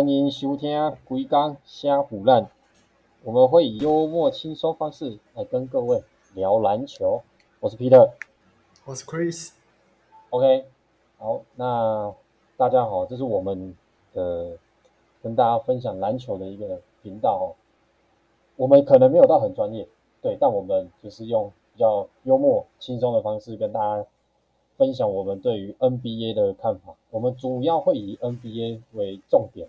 歡迎收聽《整天蝦唬籃》，我們會以幽默輕鬆方式來跟各位聊籃球。我是 Peter，我是 Chris。OK，好，那大家好，這是我們的、呃、跟大家分享籃球的一個頻道哦。我們可能沒有到很專業，對，但我們就是用比較幽默輕鬆的方式跟大家分享我們對於 NBA 的看法。我們主要會以 NBA 為重點。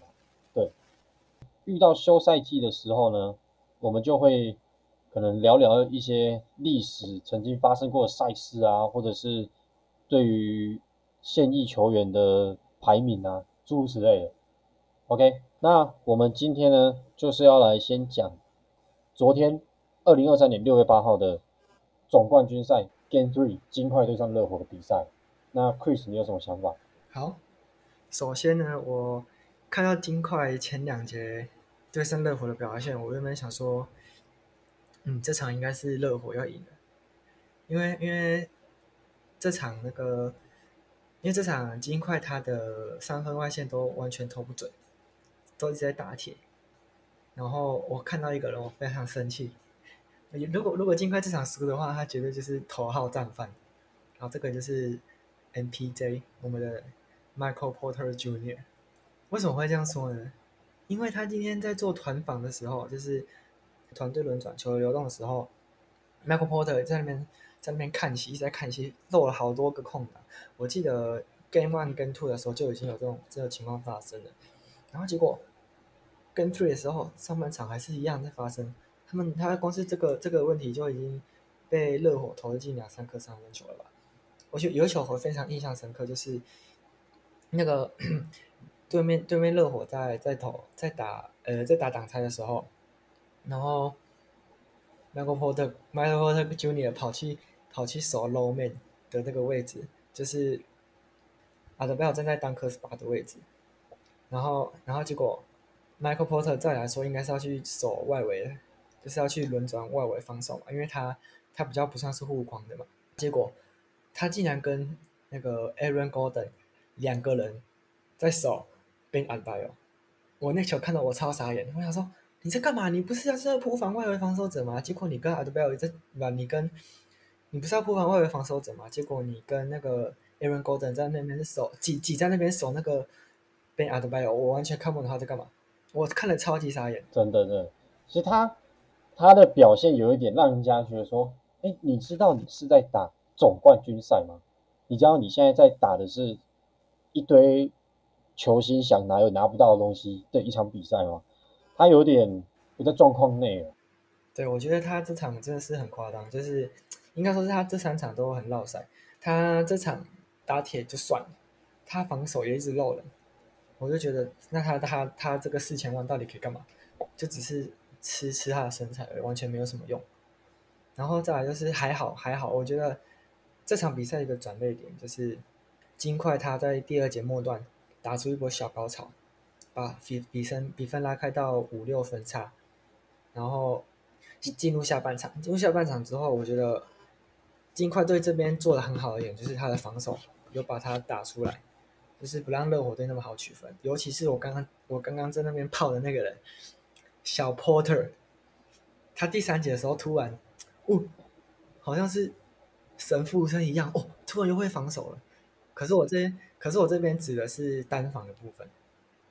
遇到休賽季的時候呢，我們就會可能聊聊一些歷史曾經發生過的賽事啊，或者是對於現役球員的排名啊，諸如此類的。OK，那我們今天呢，就是要來先講昨天二零二三年六月八號的總冠軍賽 Game Three，金塊對上熱火的比賽。那 Chris，你有什麼想法？好，首先呢，我。看到金塊前兩節對上熱火的表現，我原本想說，嗯，這場應該是熱火要贏的，因為因為這場那個，因為這場金塊他的三分外線都完全投不準，都一直在打鐵。然後我看到一個人，我非常生氣。如果如果金塊這場輸的話，他絕對就是頭號戰犯。然後這個就是 MPJ，我們的 Michael Porter Junior。為什麼會這樣說呢？因為他今天在做團訪的時候，就是團隊輪轉球流動的時候，Michael Porter 在那邊在那邊看戲，一直在看戲，漏了好多個空檔。我記得 Game One 跟 Two 的時候，就已經有這種、嗯、這個情況發生了。然後結果 Game Three 的時候，上半場還是一樣在發生。他們他光是這個這個問題就已經被熱火投了進兩三顆三分球了吧？我就有一球我非常印象深刻，就是那個。 對面對面熱火在在投在打，呃，在打擋拆的時候，然後 Michael Porter Michael Porter Jr. 跑去跑去守 Low Man 的這個位置，就是 Adebayo 站在當科斯巴的位置，然後然後結果 Michael Porter 再來說應該是要去守外圍，就是要去輪轉外圍防守嘛，因為他他比較不算是護框的嘛，結果他竟然跟那個 Aaron Gordon 兩個人在守。Bam Adebayo，我那球看到我超傻眼，我想說，你在幹嘛？你不是要是在撲防外圍防守者嗎？結果你跟 Adebayo 在，你跟，你不是要撲防外圍防守者嗎？結果你跟那個 Aaron Gordon 在那邊守，擠擠在那邊守那個 Bam Adebayo，我完全看不懂他在幹嘛，我看了超級傻眼。真的，真的，其實他他的表現有一點讓人家覺得說，哎，你知道你是在打總冠軍賽嗎？你知道你現在在打的是一堆。球星想拿又拿不到的東西，這一場比賽哦，他有點不在狀況內。對，我覺得他這場真的是很誇張，就是應該說是他這三場都很落賽。他這場打鐵就算了，他防守也一直漏了。我就覺得，那他他他這個四千萬到底可以幹嘛？就只是吃吃他的身材而已，完全沒有什麼用。然後再來就是還好還好，我覺得這場比賽一個轉捩點就是金塊他在第二節末段。打出一波小高潮，把比比分比分拉開到五六分差，然後進入下半場。進入下半場之後，我覺得，金塊隊這邊做的很好一點，就是他的防守有把它打出來，就是不讓熱火隊那麼好取分。尤其是我剛剛我剛剛在那邊泡的那個人小 Porter，他第三節的時候突然，哦，好像是神附身一樣，哦，突然又會防守了。可是我這邊。可是我這邊指的是單防的部分，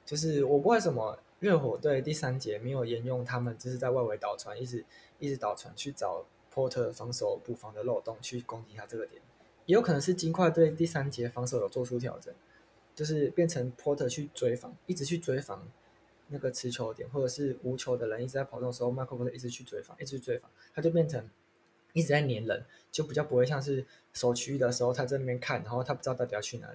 就是我不知道為什麼熱火隊第三節沒有沿用他們，就是在外圍導傳，一直一直導傳去找 Porter 防守補防的漏洞去攻擊他這個點，也有可能是金塊隊第三節防守有做出調整，就是變成 Porter 去追防，一直去追防那個持球點，或者是無球的人一直在跑動的時候，Michael Porter 一直去追防，一直去追防，他就變成一直在黏人，就比較不會像是守區域的時候，他在那邊看，然後他不知道到底要去哪裡。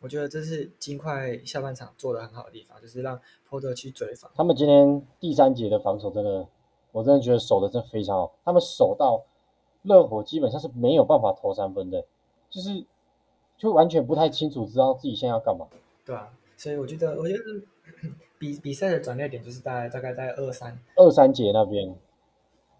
我覺得這是金塊下半場做得很好的地方，就是讓波特去追防。他們今天第三節的防守真的，我真的覺得守的真的非常好。他們守到熱火基本上是沒有辦法投三分的，就是就完全不太清楚知道自己現在要幹嘛。對啊，所以我覺得我覺得比比賽的轉捩點就是大概，大概大概在二三二三節那邊，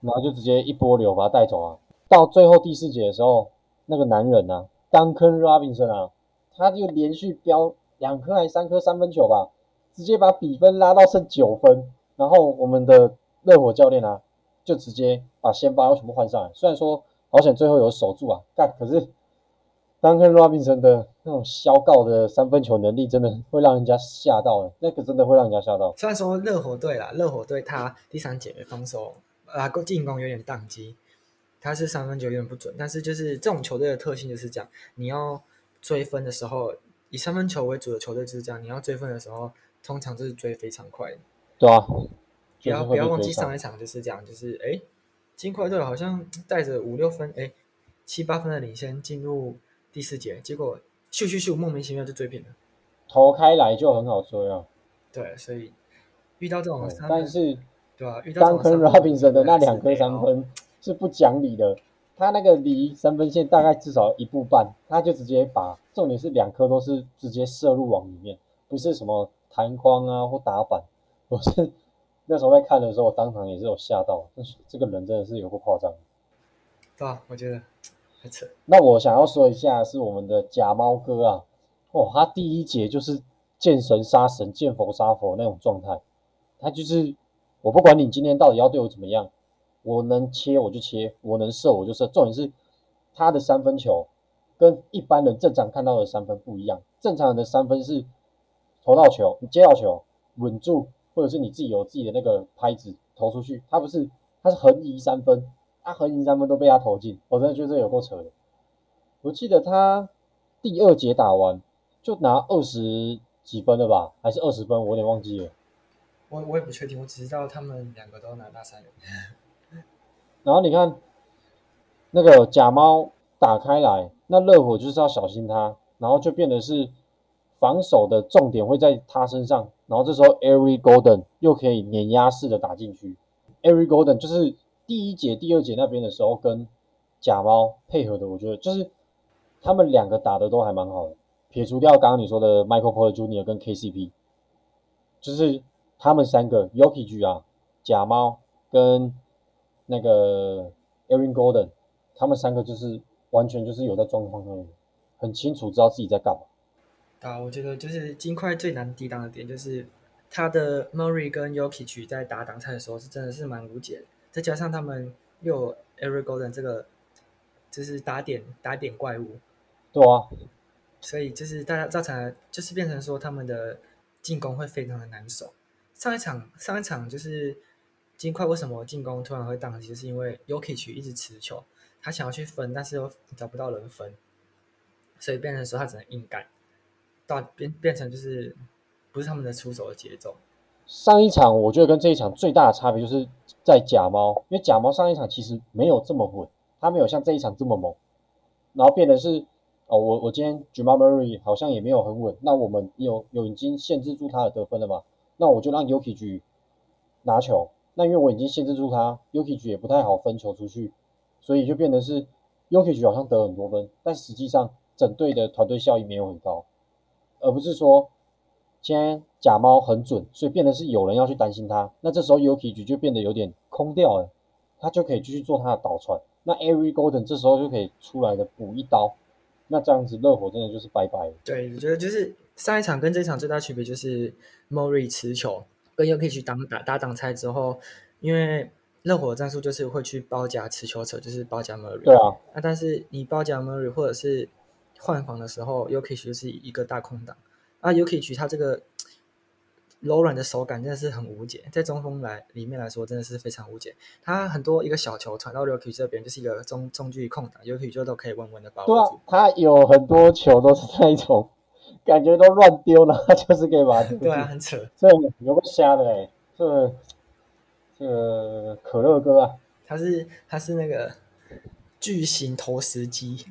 然後就直接一波流把他帶走啊。到最後第四節的時候，那個男人啊，Duncan Robinson 啊。他就連續飆兩顆還是三顆三分球吧，直接把比分拉到剩九分。然後我們的熱火教練啊，就直接把先發全部換上來。雖然說好險最後有守住啊，但可是當跟羅賓森的那種削告的三分球能力，真的會讓人家嚇到的、欸。那個真的會讓人家嚇到。雖然說熱火隊啦，熱火隊他第三節的防守啊，進攻有點當機，他是三分球有點不準。但是就是這種球隊的特性就是這樣，你要。追分的時候，以三分球為主的球隊就是這樣。你要追分的時候，通常就是追非常快。對啊，就是、不要不要忘記上一場就是這樣，就是哎，金塊隊好像帶着五六分、哎七八分的領先進入第四節，結果咻，咻咻咻，莫名其妙就追平了。投開來就很好追啊。對，所以遇到這種，但是對啊，遇到三分 Duncan Robinson 的那兩顆三分是，是不講理的。他那個離三分線大概至少一步半，他就直接把重點是兩顆都是直接射入網裡面，不是什麼彈框啊或打板。我是那時候在看的時候，我當場也是有嚇到，但是這個人真的是有夠誇張。對啊，我覺得很扯。那我想要說一下是我們的假貓哥啊，哦，他第一節就是見神殺神、見佛殺佛那種狀態，他就是我不管你今天到底要對我怎麼樣。我能切我就切，我能射我就射。重點是他的三分球跟一般人正常看到的三分不一樣。正常人的三分是投到球，你接到球穩住，或者是你自己有自己的那個拍子投出去。他不是，他是橫移三分，啊，橫移三分都被他投進。我真的覺得有夠扯的。我記得他第二節打完就拿二十幾分了吧，還是二十分？我有點忘記了。我我也不確定，我只知道他們兩個都拿大三元。然後你看，那個假貓打開來，那熱火就是要小心他，然後就變得是防守的重點會在他身上。然後這時候 Aaron Gordon 又可以碾壓式的打進去。Aaron Gordon 就是第一節、第二節那邊的時候跟假貓配合的，我覺得就是他們兩個打的都還蠻好的。撇除掉剛剛你說的 Michael Porter Jr. 跟 KCP，就是他們三個 Jokic 啊，假貓跟。那個 Aaron Gordon，他們三個就是完全就是有在狀況上，很清楚知道自己在幹嘛。啊，我覺得就是金塊最難抵擋的點，就是他的 Murray 跟 Jokic 在打擋拆的時候是真的是蠻無解的，再加上他們又有 Aaron Gordon 這個，就是打點打點怪物。對啊。所以就是大家造成就是變成說他們的進攻會非常的難守。上一場上一場就是。儘快為什麼進攻突然會宕其實是因為 Yuki 居一直持球，他想要去分，但是又找不到人分，所以變的時候他只能硬幹，變變成就是不是他們的出手的節奏。上一場我覺得跟這一場最大的差別就是在假貓，因為假貓上一場其實沒有這麼穩，他沒有像這一場這麼猛。然後變得是哦，我我今天 Juma Murray 好像也沒有很穩，那我們有有已經限制住他的得分了嘛？那我就讓 Yuki 居拿球。那因為我已經限製住他，Uki 局也不太好分球出去，所以就變得是 Uki 局好像得很多分，但實際上整隊的團隊效益沒有很高，而不是說現在假貓很準，所以變得是有人要去擔心他，那這時候 Uki 局就變得有點空掉了，他就可以繼續做他的導傳。那 Every Golden 這時候就可以出來的補一刀，那這樣子熱火真的就是拜拜了。對，我覺得就是上一場跟這一場最大區別就是 Mori 持球。跟 Jokic 去打打打擋拆之後，因為熱火戰術就是會去包夾持球者，就是包夾 Murray 對啊，那、啊、但是你包夾 Murray 或者是換防的時候，Jokic 就是一個大空檔。啊，Jokic 他這個柔軟的手感真的是很無解，在中鋒來裡面來說真的是非常無解。他很多一個小球傳到 Jokic 這邊就是一個中中距空檔，Jokic 就都可以穩穩的把握，對啊，他有很多球都是那一種。感覺都亂丟了，他就是這把。對啊，很扯。這有個瞎的、欸，這這可樂哥啊，他是他是那個巨型投石機。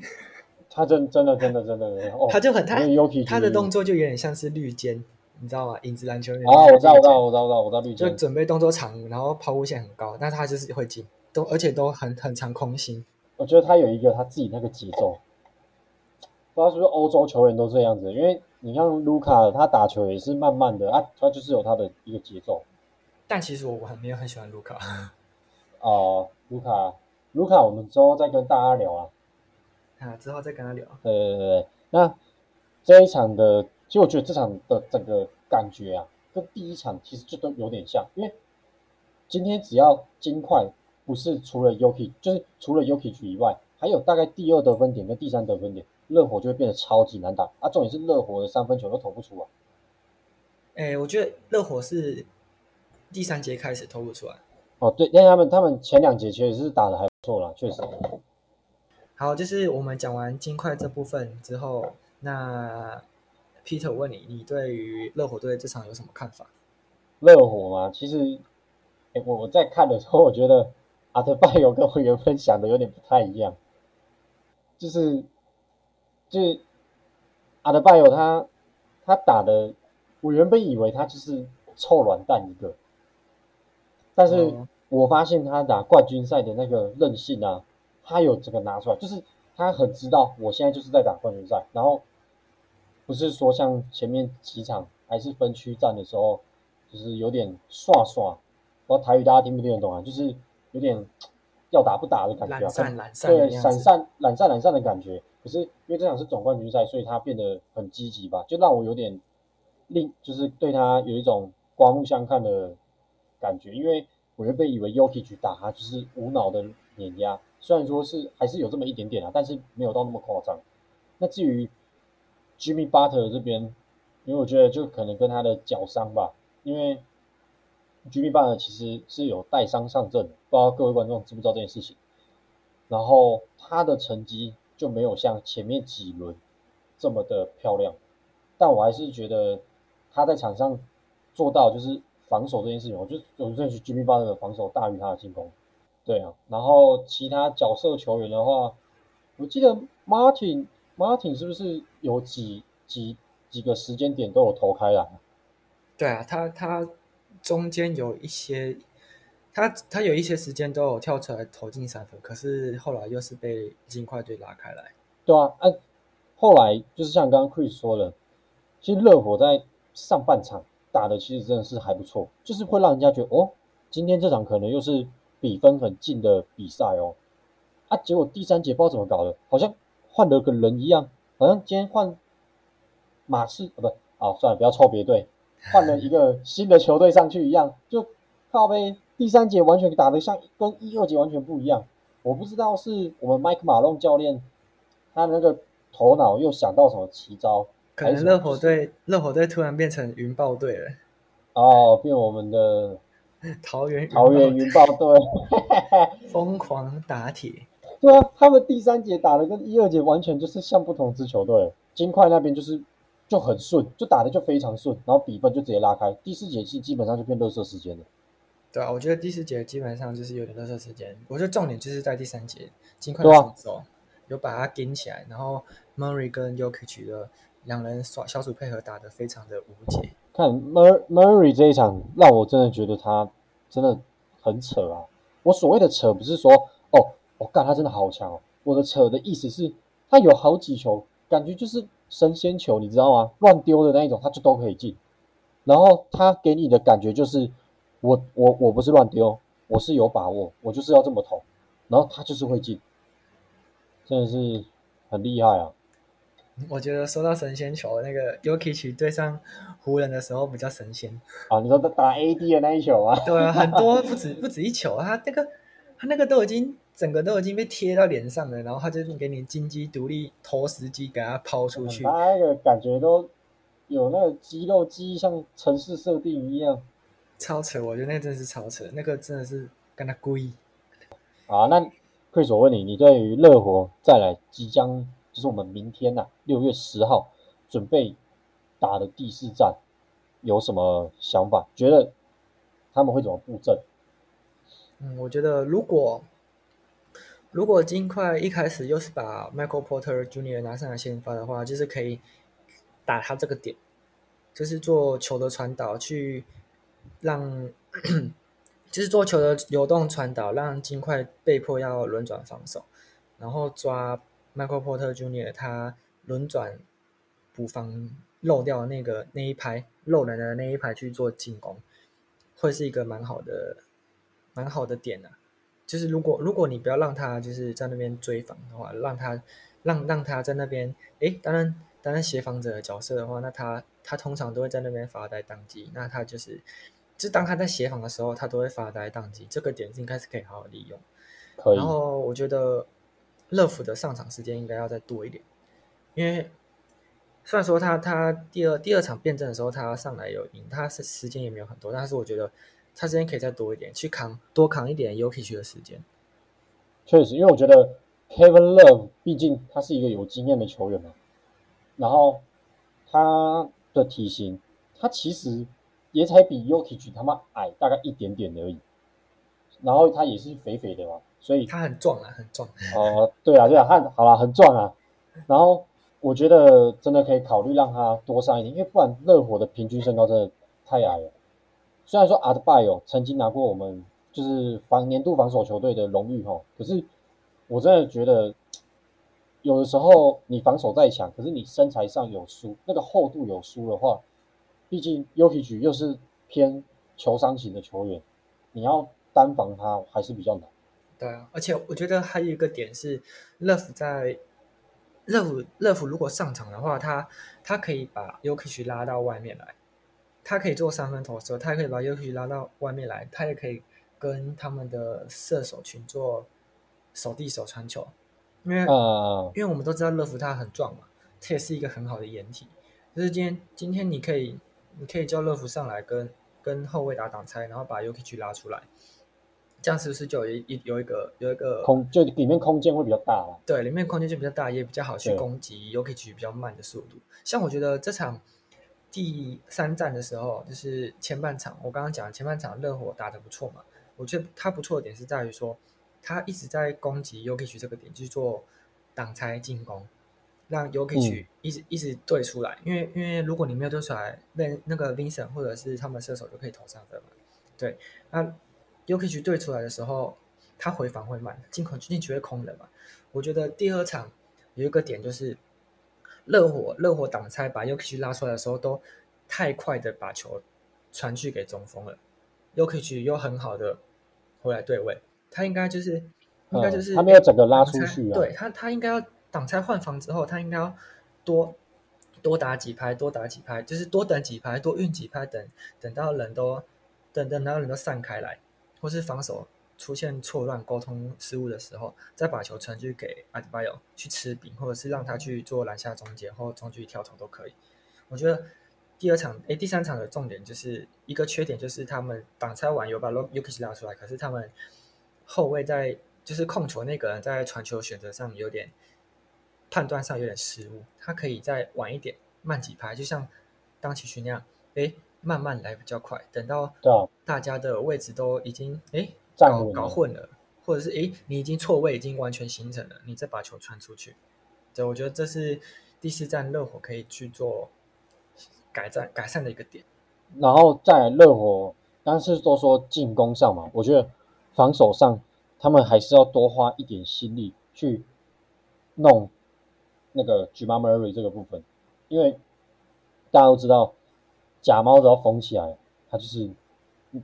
他真真的真的真的，他、 哦、就很他他的動作就有點像是綠間，你知道嗎？影子籃球員。啊，我知道，我知道，我知道，我知道。知道綠間就準備動作長，然後拋物線很高，但他就是會進，都而且都很很長空心。我覺得他有一個他自己那個節奏。不知道是不是歐洲球員都這樣子，因為你看盧卡，他打球也是慢慢的，他、啊、他就是有他的一個節奏。但其實我還沒有很喜歡盧卡哦。盧卡，盧卡，我們之後再跟大家聊啊。啊，之後再跟他聊。對對對對，那這一場的，其實我覺得這場的整個感覺啊，跟第一場其實就都有點像，因為今天只要金塊不是除了 Jokic 就是除了 Jokic 以外，還有大概第二得分點跟第三得分點。熱火就會變得超級難打啊！重點是熱火的三分球都投不出啊。哎、欸，我覺得熱火是第三節開始投不出來。哦，對，但他們他們前兩節其實是打得還不錯啦。確實。好，就是我們講完金塊這部分之後，那 Peter 問你，你對於熱火隊這場有什麼看法？熱火嘛，其實、欸、我，我在看的時候，我覺得阿德巴約跟我原本想的有點不太一樣，就是。就是阿德巴約他，他打的，我原本以為他就是臭軟蛋一個，但是我發現他打冠軍賽的那個韌性啊，他有這個拿出來，就是他很知道我現在就是在打冠軍賽，然後不是說像前面幾場還是分區戰的時候，就是有點唰唰，我台語大家聽不聽得懂啊？就是有點要打不打的感覺、啊，懶散、懶散、嗯，對，懶散，懶散，懶散的感覺。可是因為這場是總冠軍賽，所以他變得很積極吧，就讓我有點令，就是對他有一種刮目相看的感覺。因為我又被以為 Yuki 去打他就是無腦的碾壓，雖然說是還是有這麼一點點啊，但是沒有到那麼誇張。那至於 Jimmy Butler 這邊，因為我覺得就可能跟他的腳傷吧，因為 Jimmy Butler 其實是有帶傷上陣，不知道各位觀眾知不知道這件事情。然後他的成績。就沒有像前面幾輪這麼的漂亮，但我還是覺得他在場上做到就是防守這件事情，我就有證據。Jimmy Butler 的防守大於他的進攻，對啊。然後其他角色球員的話，我記得 Martin Martin 是不是有幾幾幾個時間點都有投開啊？對啊，他他中間有一些。他他有一些時間都有跳出來投進三分，可是後來又是被金塊隊拉開來。對啊，啊，後來就是像剛剛 Chris 說的，其實熱火在上半場打的其實真的是還不錯，就是會讓人家覺得哦，今天這場可能又是比分很近的比賽哦。啊，結果第三節不知道怎麼搞的，好像換了個人一樣，好像今天換馬刺哦，不對啊，算了，不要抽別隊，換了一個新的球隊上去一樣， 就靠北。第三節完全打得像跟一、跟一二節完全不一樣，我不知道是我們麥克馬龍教練他的那個頭腦又想到什麼奇招？可能熱火隊熱火隊突然變成雲豹隊了哦，變我們的桃園桃園雲豹隊瘋狂打鐵， 對啊，他們第三節打得跟一、二節完全就是像不同支球隊，金塊那邊就是就很順，就打得就非常順，然後比分就直接拉開。第四節戲基本上就變垃圾時間了。對啊，我覺得第四節基本上就是有點垃圾時間。我覺得重點就是在第三節，儘快收走，有把它頂起來。然後 Murray 跟 Jokic 的兩人耍小組配合，打得非常的無解。看 Murray Murray 這一場，讓我真的覺得他真的很扯啊！我所謂的扯，不是說哦，我、哦、幹他真的好強哦。我的扯的意思是，他有好幾球，感覺就是神仙球，你知道嗎？亂丟的那一種，他就都可以進。然後他給你的感覺就是。我我我不是亂丟，我是有把握，我就是要這麼投，然後他就是會進，真的是很厲害啊！我覺得說到神仙球，那個 Jokic 對上湖人的時候比較神仙啊！你說他打 AD 的那一球啊？對，啊，很多不止不止一球啊！他那個他那個都已經整個都已經被貼到臉上了，然後他就給你金雞獨立投石機給他拋出去，他那個感覺都有那個肌肉記憶，像程式設定一樣。超扯！我覺得那真的是超扯，那個真的是跟他故意。啊，那會所問你，你對於熱火再來即將就是我們明天吶、啊、六月十號準備打的第四戰有什麼想法？覺得他們會怎麼布陣？嗯，我覺得如果如果儘快一開始又是把 Michael Porter Junior 拿上來先發的話，就是可以打他這個點，就是做球的傳導去。讓 就是做球的流動傳導，讓金塊被迫要輪轉防守，然後抓 Michael Porter Junior 他輪轉補防漏掉的那個那一排漏人的那一排去做進攻，會是一個蠻好的蠻好的點啊，就是如果如果你不要讓他就是在那邊追防的話，讓他讓讓他在那邊哎，當然。但是協防者的角色的話，那他他通常都會在那邊發呆當機。那他就是，就當他在協防的時候，他都會發呆當機。這個點是應該是可以好好利用。可以。然後我覺得，樂福的上場時間應該要再多一點。因為雖然說他他第二第二場辯證的時候他上來有贏，他是時間也沒有很多，但是我覺得他時間可以再多一點，去扛多扛一點 Yuki 區的時間。確實，因為我覺得 Kevin Love 畢竟他是一個有經驗的球員嘛。然後他的體型，他其實也才比 Yokichi 他媽矮大概一點點而已，然後他也是肥肥的嘛，所以他很壯啊，很壯，啊。哦，對啊，對啊，他好啦，啊，很壯啊。 然後我覺得真的可以考慮讓他多上一點，因為不然熱火的平均身高真的太矮了。雖然說阿德拜哦曾經拿過我們就是防年度防守球隊的榮譽吼，哦，可是我真的覺得。有的時候你防守再強，可是你身材上有輸，那個厚度有輸的話，畢竟約基奇又是偏球商型的球員，你要單防他還是比較難。對啊，而且我覺得還有一個點是，樂福在樂福樂福如果上場的話，他他可以把約基奇拉到外面來，他可以做三分投射，他也可以把約基奇拉到外面來，他也可以跟他們的射手群做手遞手傳球。因為、嗯，因為我們都知道樂福他很壯嘛，他也是一個很好的掩體。就是今天，今天你可以，你可以叫樂福上來跟跟後衛打擋拆，然後把約基奇拉出來，這樣是不是就有一有一個有一個空，就裡面空間會比較大了、啊？對，裡面空間就比較大，也比較好去攻擊約基奇比較慢的速度。像我覺得這場第三戰的時候，就是前半場，我剛剛講的前半場熱火打得不錯嘛，我覺得他不錯的點是在於說。他一直在攻擊 Jokic 這個點，去做擋拆進攻，讓 Jokic 一直、嗯、一直對出來。因為因為如果你沒有對出來，那那個 Vincent 或者是他們射手就可以投三分嘛。對，那 Jokic 對出來的時候，他回防會慢，進攻禁區會空的嘛。我覺得第二場有一個點就是，熱火熱火擋拆把 Jokic 拉出來的時候，都太快的把球傳去給中鋒了，Jokic 又很好的回來對位。他應該就是，應該就是、嗯、他沒有整個拉出去、啊。對他，他應該要擋拆換防之後，他應該要多多打幾拍，多打幾拍，就是多等幾拍，多運幾拍，等等到人都等等到人都散開來，或是防守出現錯亂、溝通失誤的時候，再把球傳去給阿德巴約去吃餅，或者是讓他去做籃下終結或中距離跳投都可以。我覺得第二場、哎第三場的重點就是一個缺點，就是他們擋拆完有把約基奇拉出來，可是他們。後衛在就是控球那個人在傳球選擇上有點判斷上有點失誤，他可以再晚一點，慢幾拍，就像當奇勳那樣，誒，慢慢來比較快。等到大家的位置都已經哎、啊、搞搞混了，或者是誒，你已經錯位已經完全形成了，你再把球傳出去。對，我覺得這是第四站熱火可以去做改善改善的一個點。然後在熱火，但是都說進攻上嘛，我覺得。防守上，他們還是要多花一點心力去弄那個 Jamal Murray 這個部分，因為大家都知道假貓只要縫起來，它就是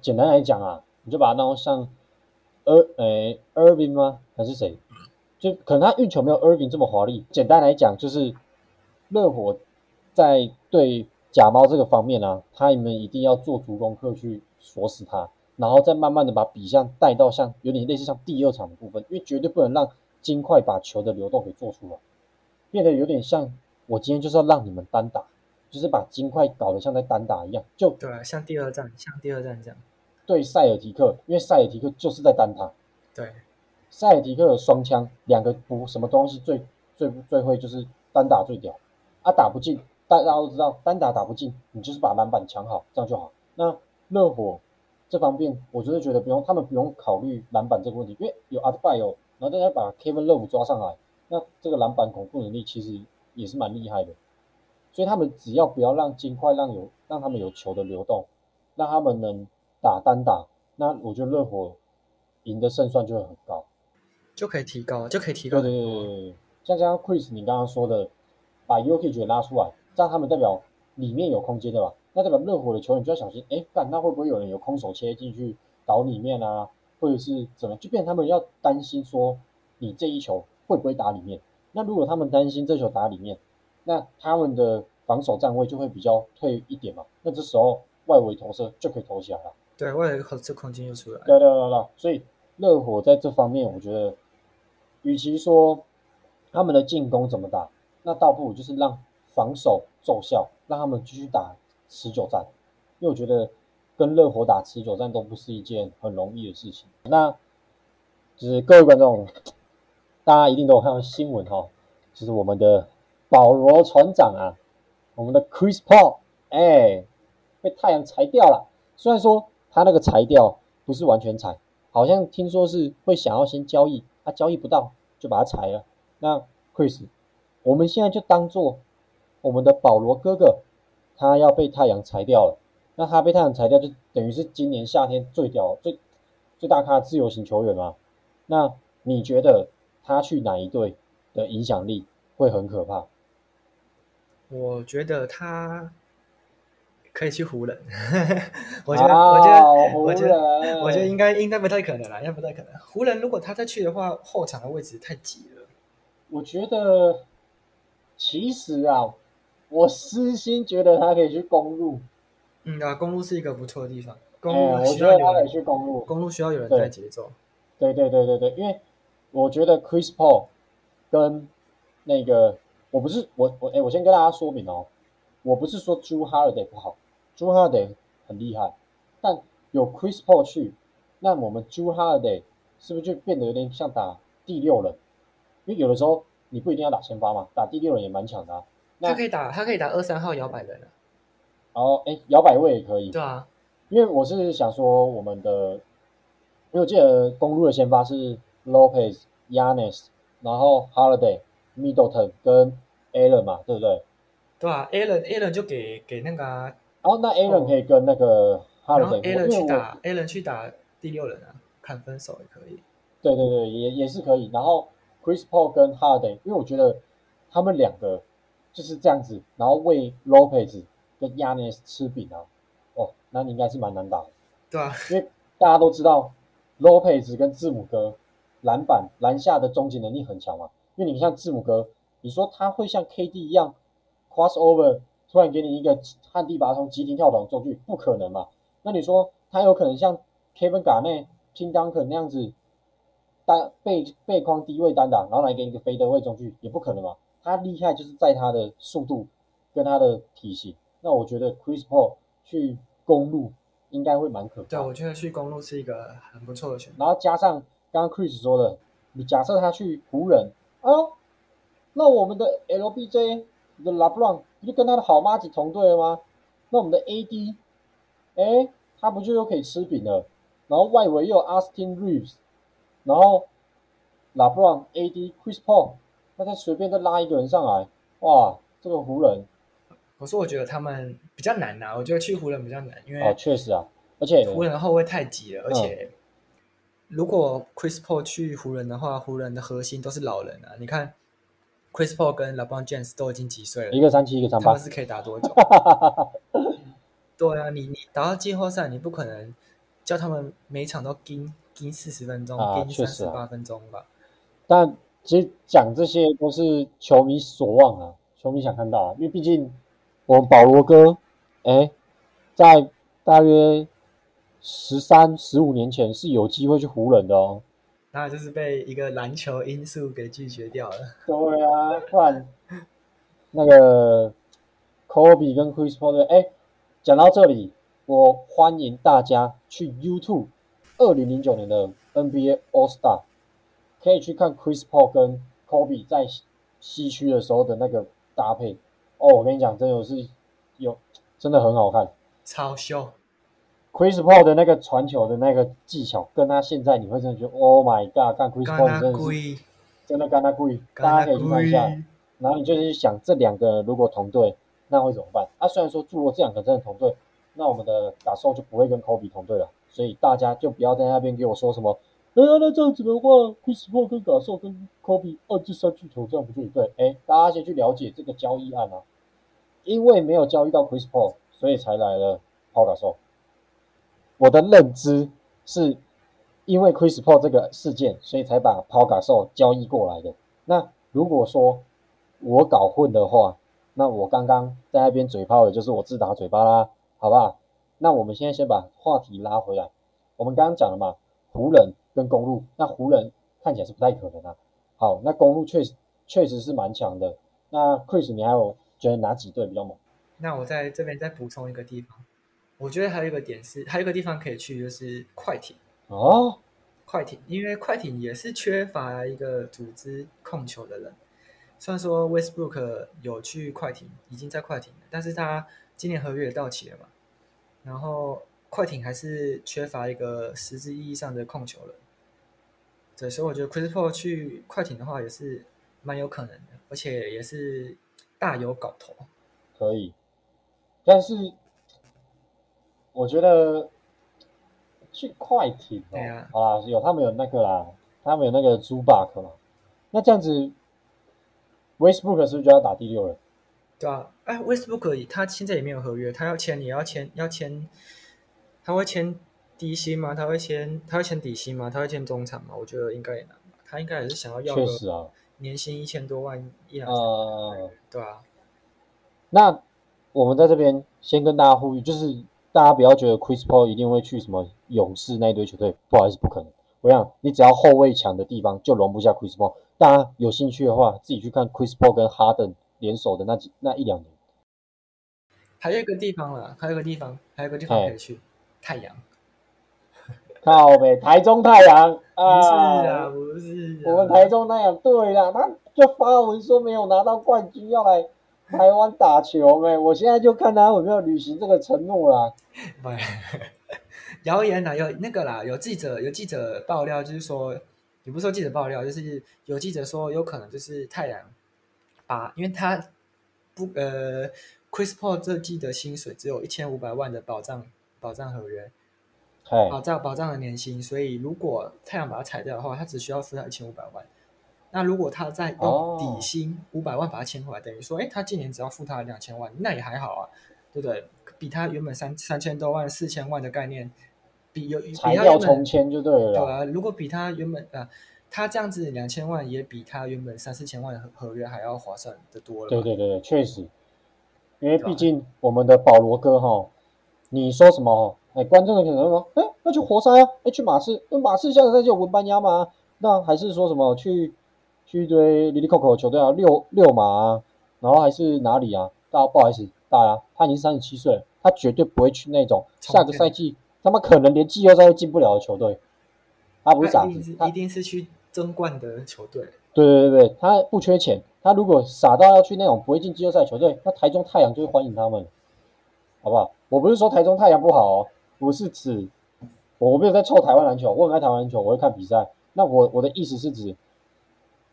簡單來講啊，你就把它當像呃，誒、欸、Irving 嗎？還是誰？就可能他運球沒有 Irving 這麼華麗。簡單來講，就是熱火在對假貓這個方面啊，他們一定要做足功課去鎖死他。然後再慢慢的把比賽帶到像有點類似像第二場的部分，因為絕對不能讓金塊把球的流動給做出來，變得有點像我今天就是要讓你們單打，就是把金塊搞得像在單打一樣。就對，像第二戰，像第二戰這樣。對，塞爾提克，因為塞爾提克就是在單打。對，塞爾提克有雙槍，兩個不什麼東西最最，最最最會就是單打最屌，啊打不進，大家都知道單打打不進，你就是把籃板搶好，這樣就好。那熱火。這方面我真的覺得不用，他們不用考慮籃板這個問題，因為有 Adebayo，然後大家把 Kevin Love 抓上來，那這個籃板恐怖能力其實也是蠻厲害的，所以他們只要不要讓金塊讓有讓他們有球的流動，讓他們能打單打，那我覺得熱火贏的勝算就會很高，就可以提高，就可以提高。對對對對，再加上 Chris 你剛剛說的，把 Jokic 拉出來，讓他們代表裡面有空間，對吧？那這個熱火的球員就要小心，哎，不然那會不會有人有空手切進去倒裡面啊？或者是怎麼，就變成他們要擔心說你這一球會不會打裡面？那如果他們擔心這球打裡面，那他們的防守站位就會比較退一點嘛。那這時候外圍投射就可以投起來了。對，外圍投射空間又出來了。對對對對，對。所以熱火在這方面，我覺得與其說他們的進攻怎麼打，那倒不如就是讓防守奏效，讓他們繼續打。持久戰，因為我覺得跟熱火打持久戰都不是一件很容易的事情。那就是各位觀眾，大家一定都有看到新聞哈，就是我們的保羅船長啊，我們的 Chris Paul，哎、欸，被太陽裁掉了。雖然說他那個裁掉不是完全裁，好像聽說是會想要先交易，他、啊、交易不到就把他裁了。那 Chris，我們現在就當做我們的保羅哥哥。他要被太陽裁掉了，那他被太陽裁掉就等於是今年夏天最屌、最最大咖自由行球員嘛。那你覺得他去哪一隊的影響力會很可怕？我覺得他可以去湖人、， 啊、湖人，我覺得，我覺得，我覺得，我覺得應該應該不太可能了，應該不太可能。湖人如果他再去的話，後場的位置太擠了。我覺得，其實啊。我私心覺得他可以去公鹿，嗯啊，公鹿是一個不錯的地方。公鹿需要有人、欸、去公鹿，公鹿需要有人帶節奏，對。對對對對對，因為我覺得 Chris Paul 跟那個，我不是我我、欸、我先跟大家說明哦，我不是說朱 Holiday 不好，朱 Holiday 很厲害，但有 Chris Paul 去，那我們朱 Holiday 是不是就變得有點像打第六人？因為有的時候你不一定要打先發嘛，打第六人也蠻強的、啊他可以打，他可以打二三號搖擺人、啊，然後哎、欸，搖擺位也可以，對啊，因為我是想說我們的，因為我記得公鹿的先發是 Lopez、Giannis，然後 Holiday、Middleton 跟 Allen 嘛，對不對？對啊，Allen Allen 就給給那個、啊，然後那 Allen、oh, 可以跟那個 Holiday，Allen 去打 Allen 去打第六人啊，砍分手也可以，對對對，也也是可以，然後 Chris Paul 跟 Holiday，因為我覺得他們兩個。就是這樣子，然後餵 Lopez 跟 Yanis 吃餅啊，哦，那你應該是蠻難打的。對啊，因為大家都知道 Lopez 跟字母哥籃板籃下的終結能力很強嘛。因為你像字母哥，你說他會像 KD 一樣 crossover 突然給你一個旱地拔蔥急停跳投中距，不可能嘛。那你說他有可能像 Kevin Garnett、Duncan 那樣子單背背筐低位單打，然後來給你個飛的位中距，也不可能嘛。他、啊、厲害就是在他的速度跟他的體型。那我覺得 Chris Paul 去公鹿應該會蠻可怕。對，我覺得去公鹿是一個很不錯的選擇。然後加上剛剛 Chris 說的，你假設他去湖人啊，那我們的 LBJ 你的 LeBron 不就跟他的好媽子同隊了嗎？那我們的 AD 誒、欸，他不就又可以吃餅了？然後外圍又有 Austin Reeves，然後 LeBron AD Chris Paul。那他隨便再拉一個人上來，哇！這個湖人，可是我覺得他們比較難吶，我覺得去湖人比較難，因為哦、確實啊，而且湖人後衛太急了、嗯，而且如果 Chris Paul 去湖人的話，湖人的核心都是老人啊，你看 Chris Paul 跟 LeBron James 都已經幾歲了，一個三七，一個三八，他們是可以打多久？ 嗯、對啊，你你打到季後賽，你不可能叫他們每場都盯盯四十分鐘，盯三十八分鐘吧？啊啊、但其實講這些都是球迷所望啊，球迷想看到啊，因為畢竟我們保羅哥，哎，在大約十三、十五年前是有機會去湖人的哦，那就是被一個籃球因素給拒絕掉了。各位啊，換那個科比跟 Chris Porter 哎，講到這裡，我歡迎大家去 YouTube 二零零九年的 NBA All Star。可以去看 Chris Paul 跟 Kobe 在西區的時候的那個搭配哦，我跟你講，真有是有，真的很好看，超秀。Chris Paul 的那個傳球的那個技巧，跟他現在，你會真的覺得，Oh my god！幹 Chris Paul 真的是真的幹他貴，大家可以去看一下。然後你就是想，這兩個如果同隊，那會怎麼辦？他、啊、雖然說，如果這兩個真的同隊，那我們的打 u 就不會跟 Kobe 同隊了，所以大家就不要在那邊給我說什麼。哎呀，那這樣子的話，Chris Paul 跟 Gasol 跟 Kobe 二至三巨頭這樣不就對，對，哎，大家先去了解這個交易案啊，因為沒有交易到 Chris Paul，所以才來了 Pau Gasol。我的認知是，因為 Chris Paul 這個事件，所以才把 Pau Gasol 交易過來的。那如果說我搞混的話，那我剛剛在那邊嘴炮的就是我自打嘴巴啦，好吧？那我們現在先把話題拉回來，我們剛剛講了嘛？湖人跟公鹿，那湖人看起來是不太可能啊。好，那公鹿確實確實是蠻強的。那 Chris，你還有覺得哪幾隊比較猛？那我在這邊再補充一個地方，我覺得還有一個點是，還有一個地方可以去就是快艇哦，快艇，因為快艇也是缺乏一個組織控球的人。雖然說 Westbrook 有去快艇，已經在快艇了，但是他今年合約也到期了嘛，然後。快艇還是缺乏一個實質意義上的控球了對，所以我覺得 Chris Paul 去快艇的話也是蠻有可能的，而且也是大有搞頭。可以，但是我覺得去快艇、哦、對啊，好啦有他們有那個啦，他們有那個 Zubac 嘛？那這樣子，Westbrook 是不是就要打第六人對啊，哎、啊、，Westbrook 可以，他現在也沒有合約，他要簽也要簽要簽。他會簽低薪嗎？他會簽？他會簽底薪嗎？他會簽中產嗎？我覺得應該也難吧。他應該也是想要要確實啊，年薪一千多萬一兩千。啊，呃，對啊。那我們在這邊先跟大家呼籲，就是大家不要覺得 Chris Paul 一定會去什麼勇士那一堆球隊，不好意思，不可能。我想，你只要後衛強的地方，就容不下 Chris Paul。大家有興趣的話，自己去看 Chris Paul 跟哈登聯手的那幾那一兩年。還有一個地方啦，還有一個地方，還有一個地方可以去。太陽， 靠唄！台中太陽啊、呃，不是啊，不是、啊。我們台中太陽對呀，他就發文說沒有拿到冠軍， 要來台灣打球唄。我現在就看他有沒有履行這個承諾啦。謠 言啊，有那個啦，有記者有記者爆料，就是說，也不是說記者爆料，就是有記者說有可能就是太陽啊，因為他不呃 Chris Paul 這季的薪水只有一千五百萬的保障。保障合約，保障保障的年薪。所以，如果太陽把它裁掉的話，他只需要付他一千五百萬。那如果他再用底薪五百萬把它簽回來，哦、等於說，哎、欸，他今年只要付他兩千萬，那也還好啊，對不對？比他原本三三千多萬、四千萬的概念，比有裁掉重簽就對了。對啊，如果比他原本啊，他這樣子兩千萬，也比他原本三四千萬的合約還要划算的多了。對對對，確實，因為畢竟我們的保羅哥齁。你說什麼？哎、欸，觀眾的可能會說：哎、欸，那去活塞啊，哎、欸，去馬刺，那、欸、馬刺下個賽季有文班鴨嘛，那還是說什麼去去一堆裡裡克克的球隊啊，六六馬啊，然後還是哪裡啊？大不好意思，大家，他已經三十七歲了，他絕對不會去那種下個賽季他們可能連季後賽都進不了的球隊。他不是傻，他一定是,一定是去爭冠的球隊。對對對對，他不缺錢，他如果傻到要去那種不會進季後賽球隊，那台中太陽就會歡迎他們。好不好？我不是說台中太陽不好哦，我是指我沒有在臭台灣籃球，我很愛台灣籃球，我會看比賽。那我我的意思是指，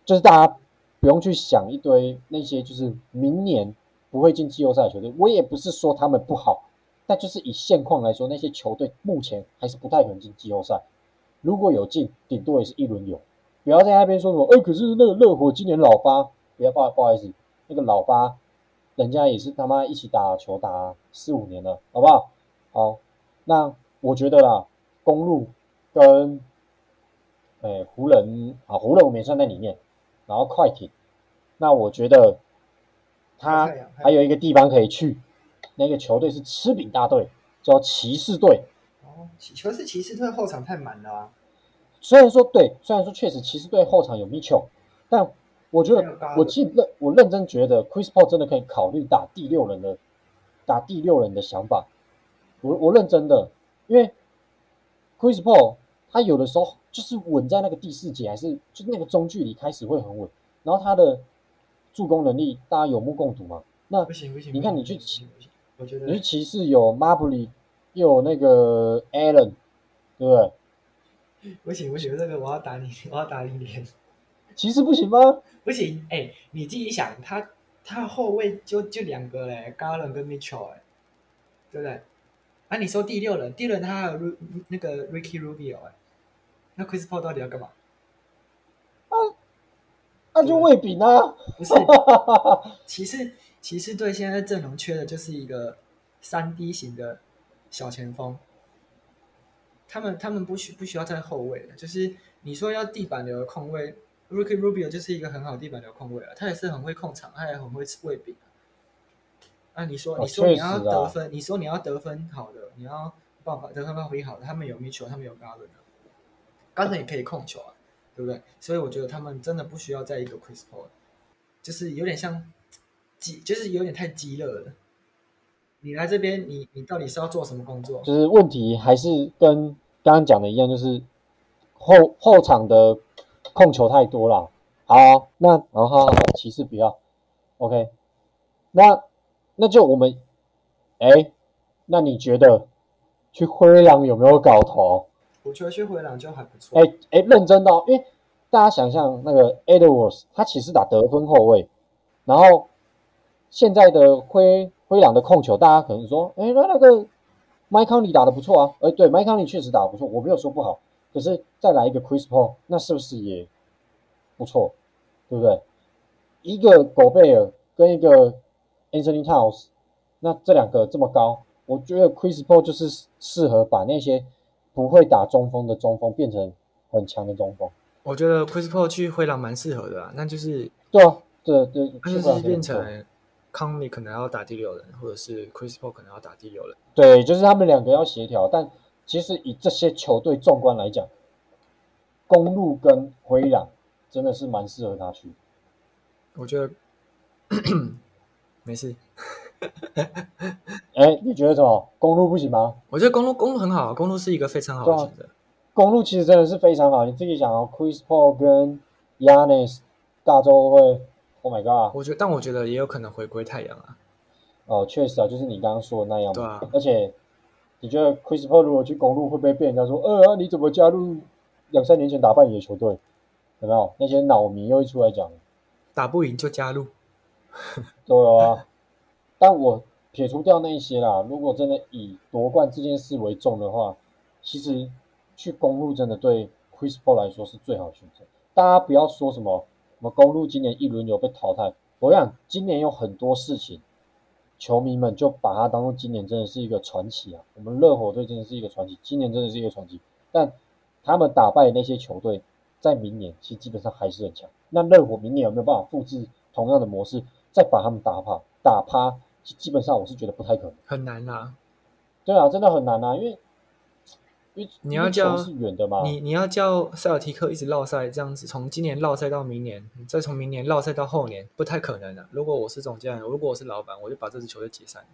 就是大家不用去想一堆那些就是明年不會進季後賽的球隊。我也不是說他們不好，但就是以現況來說，那些球隊目前還是不太可能進季後賽。如果有進，頂多也是一輪遊。不要在那邊說什麼，哎、欸，可是那個熱火今年老八，不要，不不好意思，那個老八。人家也是他媽一起打球打四五年了，好不好？好，那我覺得啦，公鹿跟誒湖人啊，湖人我也算在裡面，然後快艇。那我覺得他還有一個地方可以去，那個球隊是吃餅大隊，叫騎士隊。哦，球是騎士隊後場太滿了啊。雖然說對，雖然說確實騎士隊後場有密球，但。我覺得，我認認，我認真覺得，Chris Paul 真的可以考慮打第六人的，打第六人的想法。我我認真的，因為 Chris Paul 他有的時候就是穩在那個第四節，還是就那個中距離開始會很穩。然後他的助攻能力大家有目共睹嘛。那你看你去騎，我覺得你去騎士有 Marbury 又有那個 Allen，對不對？不行不行，我，那個我要打你，我要打你臉。騎士不行嗎？不行，哎、欸，你自己想，他他後衛就就兩個嘞，Garland 跟 Mitchell。對不對？啊，你說第六人，第六人他還有 Ru, 那個 Ricky Rubio 那 Chris Paul 到底要幹嘛？他他啊？那就未必呢？不是，騎士騎士隊現在陣容缺的就是一個三 D 型的小前鋒，他們他們不需不需要在後衛就是你說要地板留個空位。Ricky Rubio 就是一個很好的地板的控衛啊，他也是很會控場，他也很會吃衛餅、啊。啊，你說、哦，你說你要得分、啊，你說你要得分好的，你要爆發，得分發揮好的，他們有 Mitchell 他們有 Garland，Garland、啊嗯、也可以控球啊，對不對？所以我覺得他們真的不需要再一個 Chris Paul 就是有點像激，就是有點太極樂了。你來這邊，你你到底是要做什麼工作？就是問題還是跟剛剛講的一樣，就是後後場的。控球太多了，好、啊，那然後、哦啊、其實不要，OK，那那就我們，哎、欸，那你覺得去灰狼有沒有搞頭？我覺得去灰狼就還不錯。哎、欸、哎、欸，認真到、哦，因為大家想象那個 Edwards 他其實打得分後衛，然後現在的灰灰狼的控球，大家可能說，哎、欸，那那個 Mike Conley 打得不錯啊，哎、欸，對 Mike Conley 確實打得不錯，我沒有說不好。可是再來一個 Chris Paul，那是不是也不錯？對不對？一個狗貝爾跟一個 Anthony Towns，那這兩個這麼高，我覺得 Chris Paul 就是適合把那些不會打中鋒的中鋒變成很強的中鋒。我覺得 Chris Paul 去灰狼蠻適合的吧、啊？那就是對啊，對對，那就是變成康利可能要打第六人，或者是 Chris Paul 可能要打第六人。對，就是他們兩個要協調，但。其實以這些球隊縱觀來講，公鹿跟灰狼真的是蠻適合他去。我覺得咳咳沒事。哎、 欸，你覺得怎麼？公鹿不行嗎？我覺得公鹿，公鹿很好，公鹿是一個非常好的選擇。公鹿其實真的是非常好，你自己想啊、哦、，Chris Paul 跟 Giannis 大洲會。Oh my god！我覺得，但我覺得也有可能回歸太陽啊。哦，確實啊，就是你剛剛說的那樣。對啊，而且。你覺得 Chris Paul 如果去公路會不會被人家說？呃，你怎麼加入兩三年前打敗你的球隊？有沒有那些腦迷又會出來講，打不贏就加入？都 有啊，但我撇除掉那些啦，如果真的以奪冠這件事為重的話，其實去公路真的對 Chris Paul 來說是最好的選擇。大家不要說什麼，我們公路今年一輪遊被淘汰。我想今年有很多事情。球迷們就把它當做今年真的是一個傳奇啊！我們熱火隊真的是一個傳奇，今年真的是一個傳奇。但他們打敗的那些球隊，在明年其實基本上還是很強。那熱火明年有沒有辦法複製同樣的模式，再把他們打趴打趴？基本上我是覺得不太可能，很難啊。對啊，真的很難啊，因為。你要叫因為，你，你要叫塞爾提克一直繞賽這樣子，從今年繞賽到明年，再從明年繞賽到後年，不太可能的、啊。如果我是總監，如果我是老闆，我就把這支球隊解散。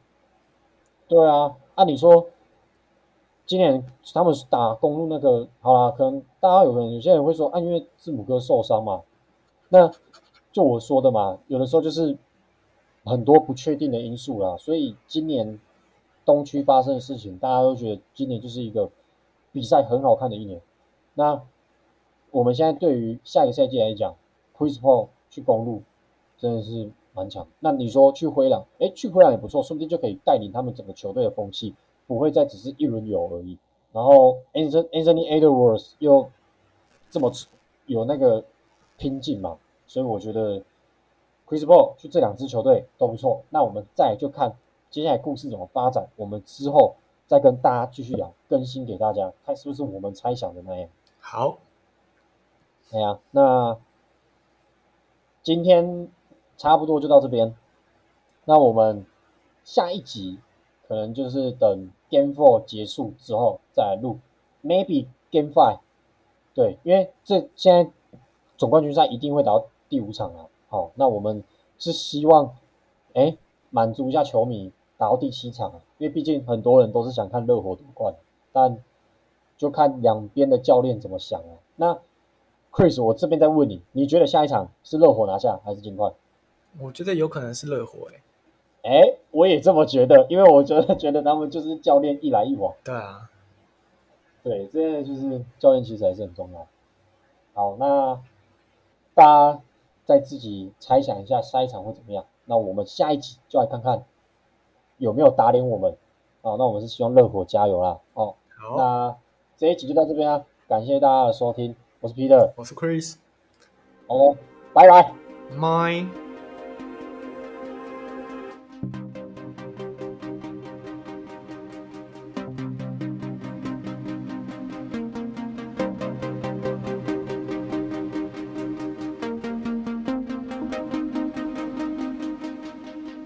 對啊，按、啊、理說今年他們是打公鹿那個，好啦，可能大家有人有些人會說，啊，因為字母哥受傷嘛。那就我說的嘛，有的時候就是很多不確定的因素啦。所以今年東區發生的事情，大家都覺得今年就是一個。比賽很好看的一年，那我們現在對於下一個賽季來講，Chris Paul 去公鹿真的是蠻強。那你說去灰狼，誒、欸，去灰狼也不錯，順便就可以帶領他們整個球隊的風氣，不會再只是一輪遊而已。然後 Anthony Anthony Edwards 又這麼有那個拼勁嘛，所以我覺得 Chris Paul 去這兩支球隊都不錯。那我們再來就看接下來故事怎麼發展，我們之後。再跟大家繼續聊，更新給大家，看是不是我們猜想的那樣。好，哎呀，那今天差不多就到這邊。那我們下一集可能就是等 Game Four 結束之後再來錄，Maybe Game Five。對，因為這現在總冠軍賽一定會打到第五場啊。好，那我們是希望哎滿足一下球迷。打到第七場啊，因為畢竟很多人都是想看熱火奪冠，但就看兩邊的教練怎麼想了啊。那 Chris，我這邊在問你，你覺得下一場是熱火拿下還是金塊？我覺得有可能是熱火哎、欸。哎、欸，我也這麼覺得，因為我覺得覺得他們就是教練一來一往。對啊，對，這個、就是教練其實還是很重要。好，那大家再自己猜想一下下一場會怎麼樣。那我們下一集就來看看。有沒有打臉我們啊、哦？那我們是希望熱火加油啦！哦，Hello. 那這一集就到這邊啦、啊。感謝大家的收聽，我是 Peter，我是 Chris，好、哦，拜拜 My